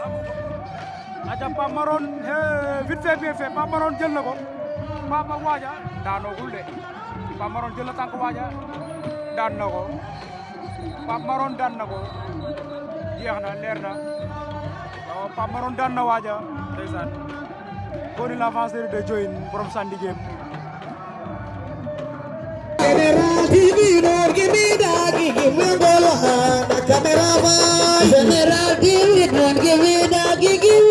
aja Pape Maron eh, vite fait bien fait Pape Maron jël na ko Papa Wadia daanoogul de Pape Maron jël na tànk Wadia daan na ko Pape Maron daan na ko jeex na leer na waaw Pape Maron daan na Wadia ndeysaan koni l'avancée de Diohine borom sandi game Camera Gigi.